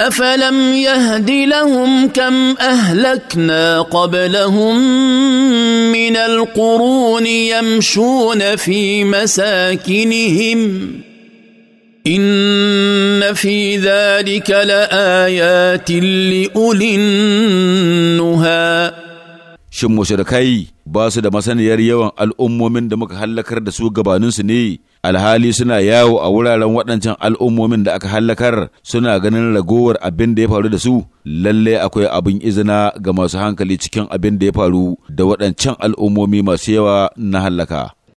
افلم يهد لهم كم اهلكنا قبلهم من القرون يمشون في مساكنهم ان في ذلك لايات لاولي النهى شم مشركي باسد مسن يريون أَلْأُمُّ من دمك هلكر دسو غبانن alhali suna yawo a wuraren waɗancan al'ummomin da aka hallakar suna ganin ragowar abin da ya faru da su lallai akwai abin izina ga masu hankali cikin abin da ya faru da waɗancan al'ummomi masu yawa na hallaka.